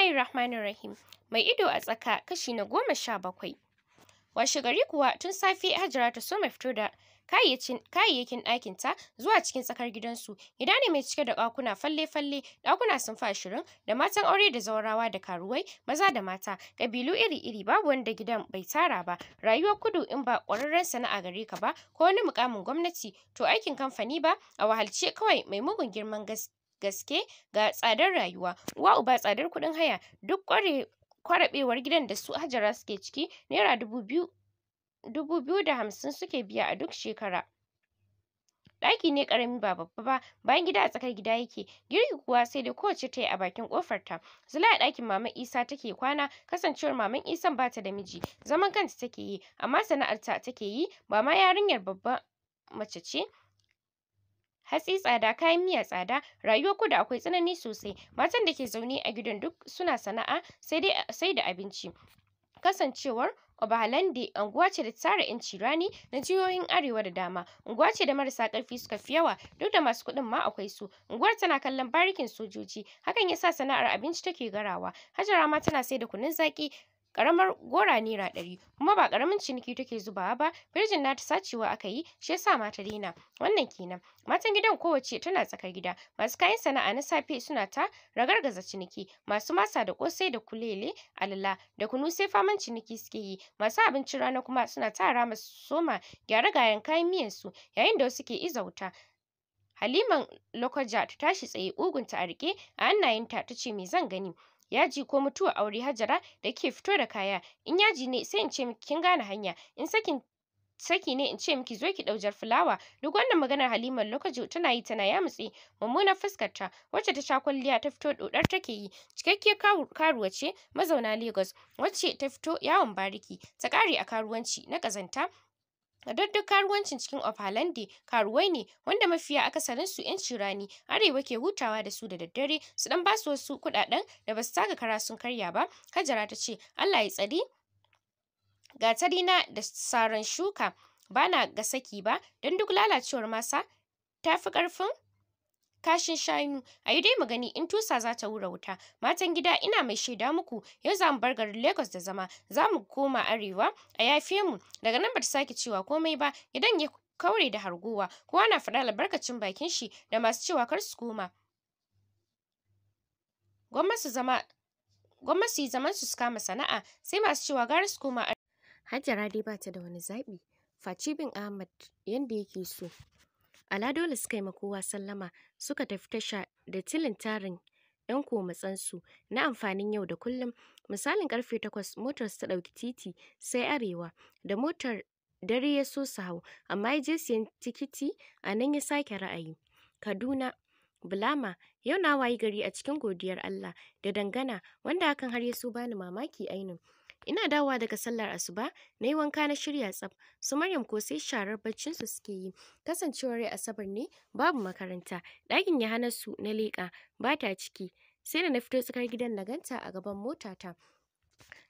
Bismillahir Rahmanir Rahim. Mai ido a tsaka kashi na goma sha bakwai. Washe gari kuwa tun safe Hajara ta so mai fito da kayayyakin ta zuwa cikin tsakar gidansu. Gida ne mai cike da ɗakuna falle-falle, ɗakuna sun fi ashirin da matan aure da zaurawa da karuwai, maza da mata, ƙabilu iri-iri babu wanda gidan bai tara ba. Rayuwar kudu in ba ƙwararren sana'a gare ka ba ko wani muƙamin gwamnati to aikin kamfani ba a wahalce kawai mai mugun girman gaske. gaske ga tsadar rayuwa uwa uba tsadar kuɗin haya duk ƙware kwarabewar gidan da su Hajara suke ciki naira dubu biyu dubu biyu da hamsin suke biya a duk shekara ɗaki ne ƙarami ba babba ba bayan gida a tsakar gida yake girki kuwa sai dai kowacce ta yi a bakin ƙofar ta zula a ɗakin maman isa take kwana kasancewar maman isan ba ta da miji zaman kanta take yi amma sana'arta take yi ba ma yarinyar babba mace ce hatsi tsada kayan miya tsada rayuwar kudu akwai tsanani sosai matan da ke zaune a gidan duk suna sana'a sai dai sai da abinci kasancewar Obahalande unguwa ce da tsara ‘yanci rani na jihohin arewa da dama. Unguwa ce da marasa ƙarfi suka fi yawa duk da masu kuɗin ma akwai su. Unguwar tana kallon barikin sojoji hakan yasa sana'ar abinci take garawa. Hajara ma tana sai da kunun zaƙi karamar gora naira ɗari kuma ba karamin ciniki take zubawa ba firjin nata sacewa aka yi shi yasa ma ta daina wannan kenan matan gidan kowacce tana tsakar gida masu kayan sana'a na safe suna ta ragargaza ciniki masu masa da kosai da kulele alala da kunu sai faman ciniki suke yi masu abincin rana kuma suna ta rama soma gyare gayan kayan miyan su yayin da wasu ke iza wuta Haliman Lokoja ta tashi tsaye ugunta a rike a hannayenta ta ce me zan gani yaji ko mutuwar aure Hajara da ke fito da kaya in yaji ne sai in ce miki kin gane hanya in sakin saki ne in ce miki zo ki daujar fulawa duk wannan maganar Halimar lokaci tana yi tana yamutse mummunar fuskar ta wacce ta sha kwalliya ta fito dodar take yi cikakkiyar karuwa ce mazauna Lagos wacce ta fito yawon bariki ta kare a karuwanci na kazanta duk duk karuwancin cikin Ofalande karuwai ne wanda mafiya akasarin su yan rani arewa ke hutawa da su da daddare su dan basu wasu kudaden da basu taka kara sun karya ba Hajara ta ce Allah ya tsari gatari na da saran shuka bana ga saki ba don duk lalacewar masa tafi ƙarfin. kashin shanu a yi dai mu gani in tusa za ta wura wuta matan gida ina mai shaida muku yau za mu bar garin lagos da zama za mu koma arewa a yafe mu daga nan bata sake cewa komai ba idan ya kaure da hargowa kowa na faɗa albarkacin bakin shi da masu cewa kar su koma gwamnati zama yi zaman su kama sana'a sai masu cewa gara su koma Hajara dai bata da wani zaɓi face bin Ahmad yanda yake so. Ala dole suka yi ma kowa sallama suka tafi tasha da tilin tarin 'yan komatsansu na amfanin yau da kullum. Misalin karfe 8 motar su ta ɗauki titi sai arewa, da motar dare ya so su hau, amma ya je siyan tikiti a nan ya sake ra'ayi. Kaduna Bulama yau na wayi gari a cikin godiyar Allah da dangana wanda hakan har ya so bani mamaki ainun. Ina dawowa daga sallar asuba, na yi wanka na shirya tsaf, su Maryam ko sai sharar baccin su suke yi. Kasancewar rai Asabar ne, babu makaranta. Ɗakin Yahanasu na leƙa, ba ta ciki. Sai da na fito tsakar gidan na a gaban motata.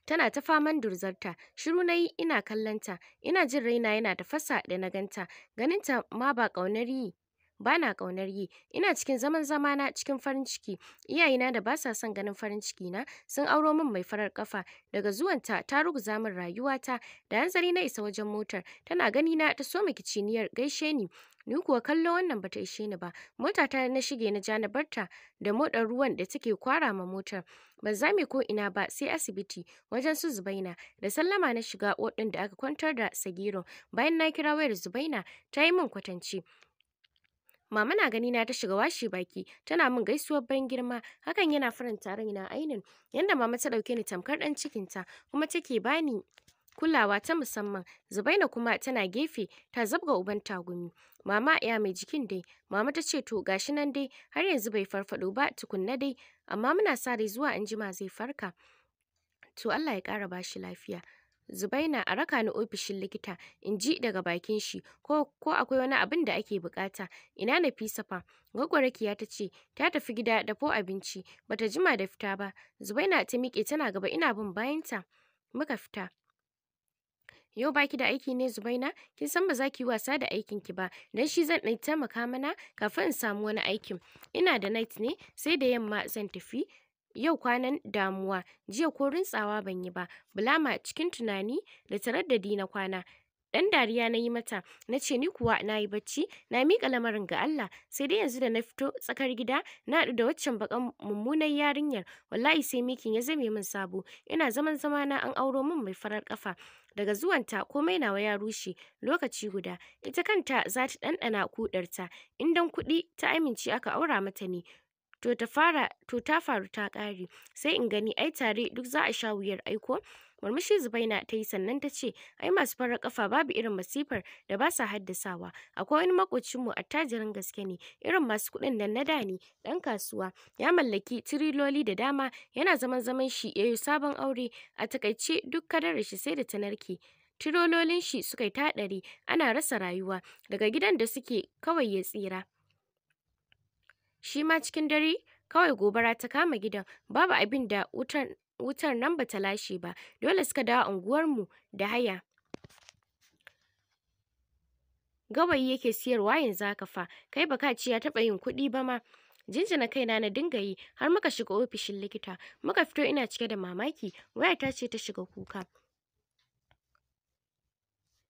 tana ta faman durzarta shiru na yi ina kallonta ina jin raina yana tafasa da na ganta ganinta ma ba ƙaunar yi bana ƙaunar yi ina cikin zaman zama na cikin farin ciki iyayena da ba sa son ganin farin ciki na sun auro min mai farar kafa daga zuwanta ta ruguza min rayuwata da hanzari na isa wajen motar tana gani na ta so kiciniyar gaishe ni ni kuwa kallo wannan bata ishe ni ba mota ta na shige na ja na barta da motar ruwan da take kwara ma motar ban zame ko ina ba sai asibiti wajen su zubaina da sallama na shiga wodin da aka kwantar da sagiro bayan na kira wayar zubaina ta yi min kwatance Mama na gani na ta shiga washe baki, tana min gaisuwar ban girma, hakan yana faranta raina ainin. Yanda mama ta ɗauke ni tamkar ɗan cikinta, kuma take bani kulawa ta musamman. Zubaina kuma tana gefe, ta zabga uban tagumi. Mama ya mai jikin dai, mama ta ce to gashi nan dai, har yanzu bai farfaɗo ba tukunna dai, amma muna sa rai zuwa anjima zai farka. To Allah ya kara bashi lafiya. Zubaina a raka ni ofishin likita in ji daga bakin shi ko, ko akwai wani abin da ake bukata. Ina Nafisa fa? Gwaggwarakiya ta ce ta tafi gida da ko abinci bata jima da fita ba. Zubaina ta miƙe tana gaba ina bin bayanta muka fita. Yau baki da aiki ne Zubaina? Kin san ba za ki wasa da aikin ki ba, dan shi zan ɗan taimaka mana kafin in samu wani aikin. Ina da night ne, sai da yamma zan tafi. Yau kwanan damuwa, jiya ko rintsawa ban yi ba, Bulama cikin tunani da taraddadi na kwana. Ɗan dariya na yi mata, na ce ni kuwa na yi bacci, na miƙa lamarin ga Allah, sai dai yanzu da na fito tsakar gida, na haɗu da waccan baƙar mummunar yarinyar, wallahi sai mikin ya zame min sabo, ina zaman na an auro min mai farar kafa Daga zuwanta komai nawa ya rushe lokaci guda, ita kanta za ta ɗanɗana kuɗarta, in dan kuɗi ta amince aka aura mata ne. to ta fara to ta faru ta ƙare sai in gani ai tare duk za a sha wuyar aiko murmushi zubaina ta yi sannan ta ce ai masu farar kafa babu irin masifar da ba sa haddasawa akwai wani makocin mu attajirin gaske ne irin masu kuɗin nan na da ne ɗan kasuwa ya mallaki tiriloli da dama yana zaman zaman shi yayi sabon aure a takaice duk kadar shi sai da ta narke tirololin shi suka yi ɗari, ana rasa rayuwa daga gidan da suke kawai ya tsira Shi ma cikin dare kawai gobara ta kama gidan, babu abin da wutar, nan ba ta lashe ba, dole suka dawo unguwarmu da haya. Gawayi yake siyarwa yanzu haka fa, kai baka ci ya taɓa yin kuɗi ba ma. jinjina kaina na dinga yi har muka shiga ofishin likita muka fito ina cike da mamaki waya ta ce ta shiga kuka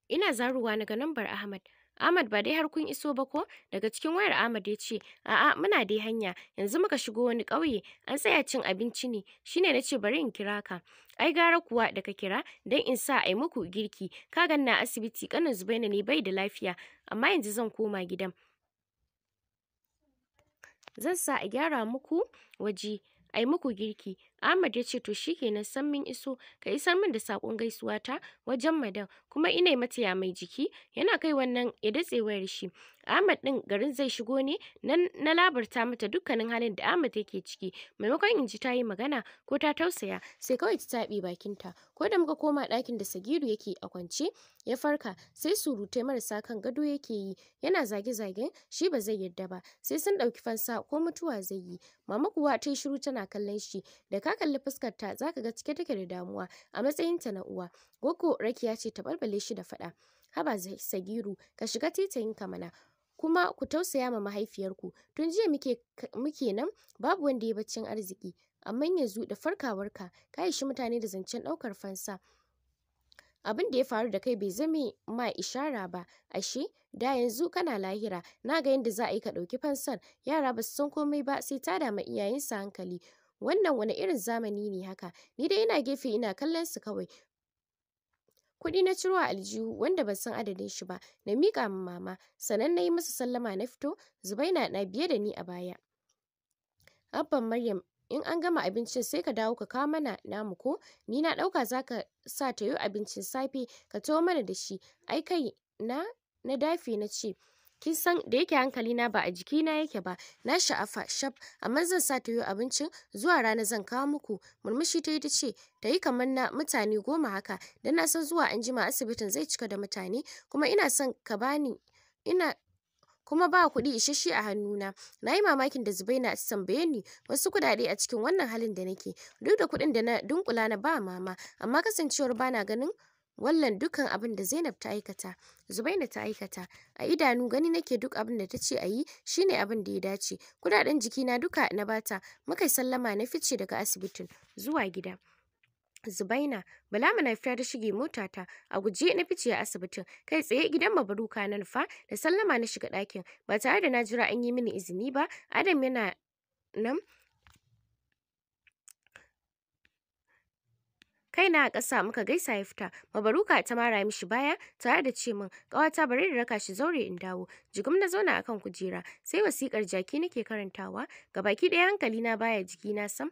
ina zaruwa na ga lambar ahmad Ahmad ba dai har kun iso ba ko? Daga cikin wayar Ahmad ya ce, a'a muna dai hanya, yanzu muka shigo wani ƙauye, an tsaya cin abinci ne, shine na ce bari in kira ka. Ai gara kuwa da ka kira don in sa ai muku girki, ka ganna asibiti kanin Zubaina ne bai da lafiya, amma yanzu zan koma gidan. Zan sa a gyara muku waje, ai muku girki, Ahmad ya ce to shikenan san min iso ka isar min da sakon gaisuwa ta wajen Madan. kuma ina mata ya mai jiki yana kai wannan ya datse wayar shi Ahmad din garin zai shigo ne nan na labarta mata dukkanin halin da Ahmad yake ciki maimakon in ji ta yi magana ko ta tausaya sai kawai ta tabi bakinta ko da muka koma ɗakin da Sagiru yake a kwance ya farka sai surutai marasa kan gado yake yi yana zage-zagen shi ba zai yarda ba sai sun ɗauki fansa ko mutuwa zai yi mama kuwa ta yi shiru tana kallon shi da ka kalli fuskar ta zaka ga cike take da damuwa a matsayin ta na uwa gogo rakiya ce ta barbale shi da faɗa haba sagiru ka shiga titayin ka mana kuma ku tausaya ma mahaifiyarku tun jiya muke muke nan babu wanda ya baccin arziki amma yanzu da farkawarka ka ishi mutane da zancen daukar fansa abin da ya faru da kai bai zame ma ishara ba ashe da yanzu kana lahira na ga yadda za a yi ka ɗauki fansar yara ba su san komai ba sai ta dama iyayensa hankali wannan wani irin zamani ne haka ni dai ina gefe ina kallon su kawai kuɗi na ciro a aljihu wanda ban san adadin shi ba na miƙa ma mama sannan na yi masa sallama na fito zubaina na biye da ni a baya abban maryam in an gama abincin sai ka dawo ka kawo mana namu ko ni na ɗauka za ka sa ta yi abincin safe ka tawo mana da shi ai kai na na dafe na ce kin san da yake hankali na ba a jiki na yake ba na sha'afa shaf amma zan sa ta yi abincin zuwa rana zan kawo muku murmushi ta yi ta ce ta yi kamar na mutane goma haka da na san zuwa an jima asibitin zai cika da mutane kuma ina son ka bani ina kuma ba kuɗi isasshe a hannuna na yi mamakin da zubai na tambaye ni wasu kuɗaɗe a cikin wannan halin da nake duk da kuɗin da na dunkula na ba mama amma kasancewar bana ganin wallan dukan abin da Zainab ta aikata Zubaina ta aikata a idanu gani nake duk abin da ta ce a yi shine abin da ya dace kudaden na duka na bata muka sallama na fice daga asibitin zuwa gida Zubaina, Bala fita da shige motata a guje na fice a asibitin, kai tsaye gidan mabaruka na nufa da sallama na shiga ɗakin ba tare da na jira an yi mini izini ba, Adam yana nan kai na a ƙasa muka gaisa ya fita mabaruka ta mara mishi baya tare da ce min ƙawata bari da raka shi zaure in dawo jigum na zauna akan kujera sai wasikar jaki nake karantawa ga baki ɗaya hankali na baya jiki na sam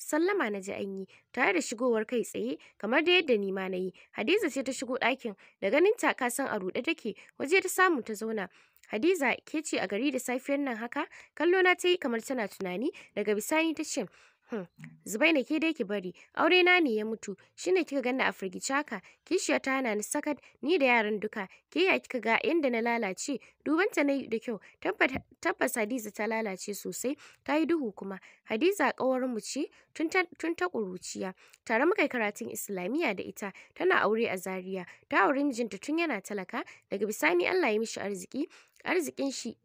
sallama na ji an tare da shigowar kai tsaye kamar da yadda ni ma na yi hadiza ce ta shigo ɗakin da ganin ta ka san a ruɗe take waje ta samu ta zauna hadiza ke ce a gari da safiyar nan haka kallo na ta yi kamar tana tunani daga bisani ta ce Hmm, Zubaina ke dai ki bari, aure na ne ya mutu, shine kika ganni a firgice haka, kishiya ta hana ni sakat ni da yaran duka, ke ya kika ga inda na lalace, duban ta nayi da kyau, tabbas Hadiza ta lalace sosai, ta yi duhu kuma. Hadiza kawar mu ce tun ta tun ta kuruciya, tare muka karatun Islamiyya da ita, tana aure a Zaria, ta auri mijinta tun yana talaka, daga bisani Allah ya mishi arziki, arzikin shi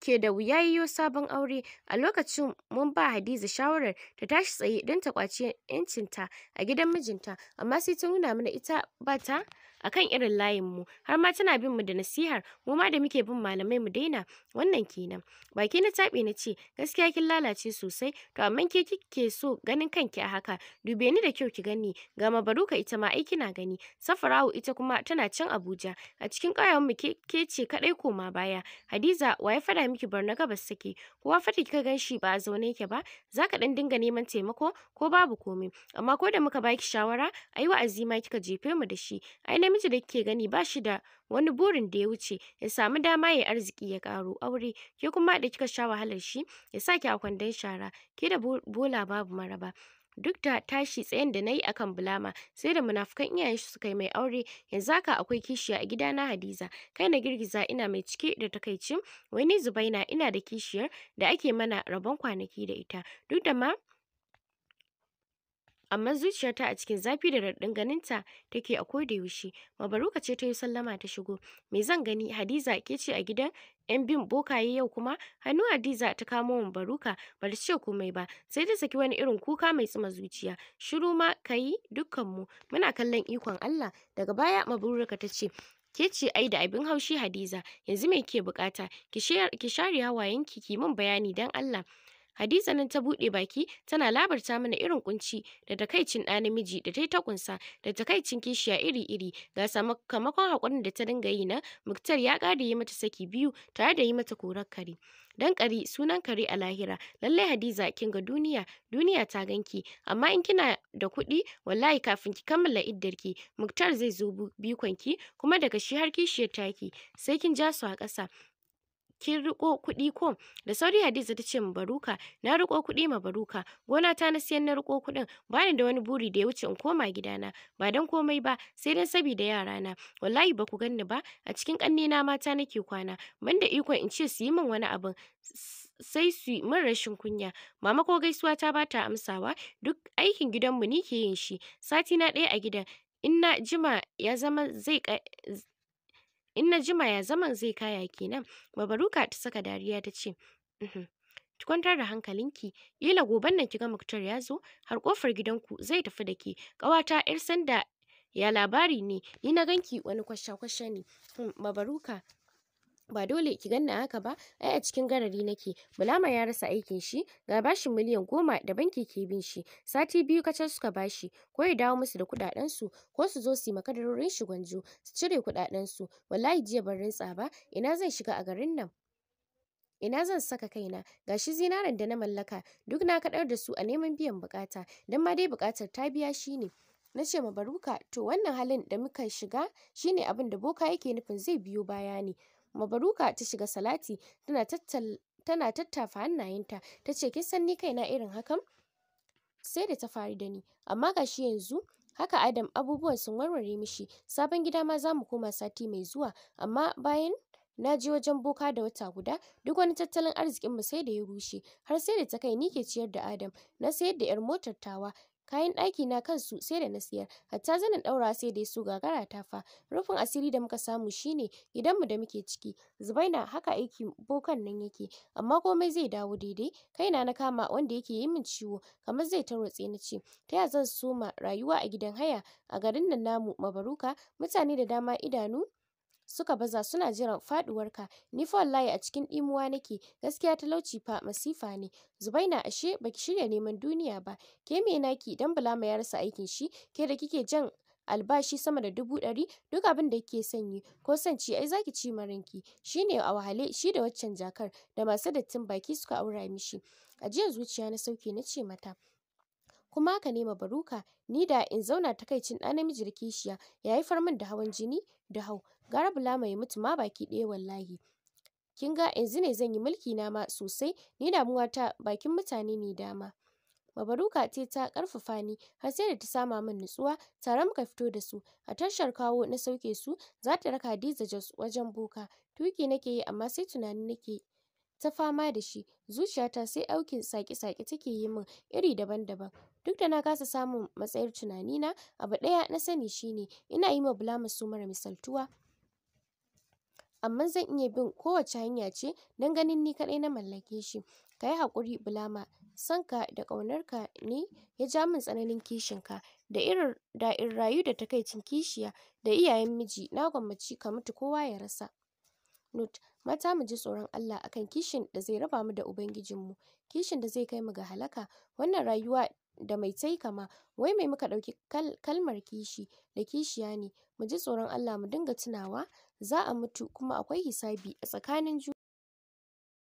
ke da wuya yiwo sabon aure a lokacin mun ba Hadiza shawarar ta tashi tsaye don ta kwaci yancinta a gidan mijinta amma sai ta nuna mana ita ba ta kan irin layin mu har ma tana bin mu da nasihar mu ma da muke bin malamai mu daina wannan kenan baki na tabe na ce gaskiya kin lalace sosai to amma ke kike so ganin kanki a haka dube ni da kyau ki gani ga mabaruka ita ma ai kina gani safarawu ita kuma tana can Abuja a cikin ƙauyen mu ke ce kadai koma baya Hadiza wa ya fada miki barna gabas take kuwa kika gan shi ba a zaune yake ba zaka dan dinga neman taimako ko babu komai amma ko da muka baki shawara ai wa azima kika jefe mu da shi ai namiji da kike gani ba shi da wani burin da ya wuce ya samu dama ya arziki ya karo aure ke kuma da kika sha wahalar shi ya saki a kwandon shara ke da bola babu maraba duk da tashi tsayen da na yi a kan Bulama sai da munafukan iyayen shi suka yi mai aure yanzu haka akwai kishiya a gidana Hadiza kai na girgiza ina mai cike da takaicin wani Zubaina ina da kishiyar da ake mana rabon kwanaki da ita duk da ma amma zuciyarta a cikin zafi da raɗin ganinta take a koda yaushe mabaruka ce ta yi sallama ta shigo me zan gani hadiza ke ce a gidan yan bin bokaye yau kuma hannu hadiza ta kamo baruka ba ta ce komai ba sai ta saki wani irin kuka mai tsuma zuciya shiru ma ka yi dukkanmu muna kallon ikon allah daga baya mabaruka ta ce ke ce ai da abin haushi hadiza yanzu mai ke bukata ki share hawayenki ki min bayani dan allah Hadiza nan ta buɗe baki tana labarta mana irin kunci da takaicin ɗa namiji da ta yi ta kunsa da takaicin kishiya iri-iri ga sakamakon haƙurin da ta dinga yi na Muktar ya ƙara yi mata saki biyu tare da yi mata korar kare. Dan kari sunan kare a lahira lallai Hadiza kin ga duniya duniya ta ganki amma in kina da kuɗi wallahi kafin ki kammala iddarki Muktar zai zo bikonki kuma daga shi har kishiyar taki sai kin ja su a ƙasa kin riko kuɗi ko da sauri hadiza ta ce ma baruka na riko kuɗi ma baruka gona ta na siyan na riko kuɗin bani da wani buri da ya wuce in koma gidana ba dan komai ba sai dan yara na wallahi ba ku ganni ba a cikin na mata nake kwana banda ikon in ce su yi min wani abin sai su yi min rashin kunya mama ko gaisuwa ta bata amsawa duk aikin gidanmu ni ke yin shi sati na ɗaya a gidan in na jima ya zama zai in na jima ya zaman zai kaya kenan babaruka ta saka dariya ta ce uhm, ki kwantar da hankalinki kila goben nan kiga muktar ya zo har kofar gidanku zai tafi da ke ƙawata yar sanda ya labari ne ni na ganki wani kwasha-kwasha ne hmm, babaruka ba dole ki ganna haka ba ai a cikin garari nake bulama ya rasa aikin shi ga bashin miliyan goma da banki ke bin shi sati biyu kacal suka bashi ko ya dawo musu da kuɗaɗen su ko su zo su yi makadarorin shi gwanjo su cire kuɗaɗen su wallahi jiya ban rintsa ba ina zan shiga a garin nan ina zan saka kaina gashi zinaren da na mallaka duk na kaɗar da su a neman biyan bukata dan ma dai bukatar ta biya shine na ce ma baruka to wannan halin da muka shiga shine abin da boka yake nufin zai biyo baya ne Mabaruka ta shiga salati tana tattafa hannayenta ta ce kin san ni kaina irin hakan sai da ta faru da ni amma gashi yanzu haka Adam abubuwan sun warware mishi sabon gida ma za mu koma sati mai zuwa amma bayan na je wajen boka da wata guda duk wani tattalin arzikin mu sai da ya rushe har sai da ta kai ni ke ciyar da Adam na sayar da yar motar tawa kayan ɗaki na kansu sai da na siyar hatta zanin ɗaura sai dai su gagara ta fa rufin asiri da muka samu shine idan mu da muke ciki zubaina haka aiki bokan nan yake amma komai zai dawo daidai Kai na na kama wanda yake yi min ciwo kamar zai tarwatse na ce ta ya zan soma rayuwa a gidan haya a garin nan namu mabaruka mutane da dama idanu suka baza suna jiran faduwarka ni fa wallahi a cikin imuwa nake gaskiya talauci fa masifa ne zubaina ashe baki shirya neman duniya ba ke me naki dan bulama ya rasa aikin shi ke da kike jan albashi sama da dubu ɗari duk abin da kike sanyi ko san ci ai zaki ci marinki shine a wahale shi da waccan jakar da masu dattin baki suka aura mishi a zuciya na sauke na ce mata kuma haka nema baruka ni da in zauna takaicin ɗa namiji da kishiya ya haifar min da hawan jini da hau gara bula mai mutu ma baki ɗaya wallahi kin ga yanzu ne zan yi mulki na ma sosai ni damuwa ta bakin mutane ne dama Mabaruka ce ta karfafa ni har sai da ta sama min nutsuwa tare muka fito da su a tashar kawo na sauke su za ta raka diza Jos wajen boka tuki nake yi amma sai tunani nake ta fama da shi zuciyata sai aukin saki-saki take yi min iri daban-daban Duk da na kasa samun matsayar na abu ɗaya na sani shine ina yi ma Bulama su mara misaltuwa amma zan iya bin kowace hanya ce don ganin ni kaɗai na mallake shi. Ka yi haƙuri Bulama, sanka da ƙaunarka ne ya ja min tsananin kishin ka. da irin da in rayu da takaicin kishiya da iyayen miji na gwammaci ka mutu kowa ya rasa. Note: Mata mu ji tsoron Allah akan kishin da zai raba mu da Ubangijinmu, kishin da zai kai mu ga halaka. Wannan rayuwa da mai tai kama, wai mai muka ɗauki kalmar kishi da kishiya ne, mu ji tsoron Allah mu dinga tunawa za a mutu kuma akwai hisabi a tsakanin juna.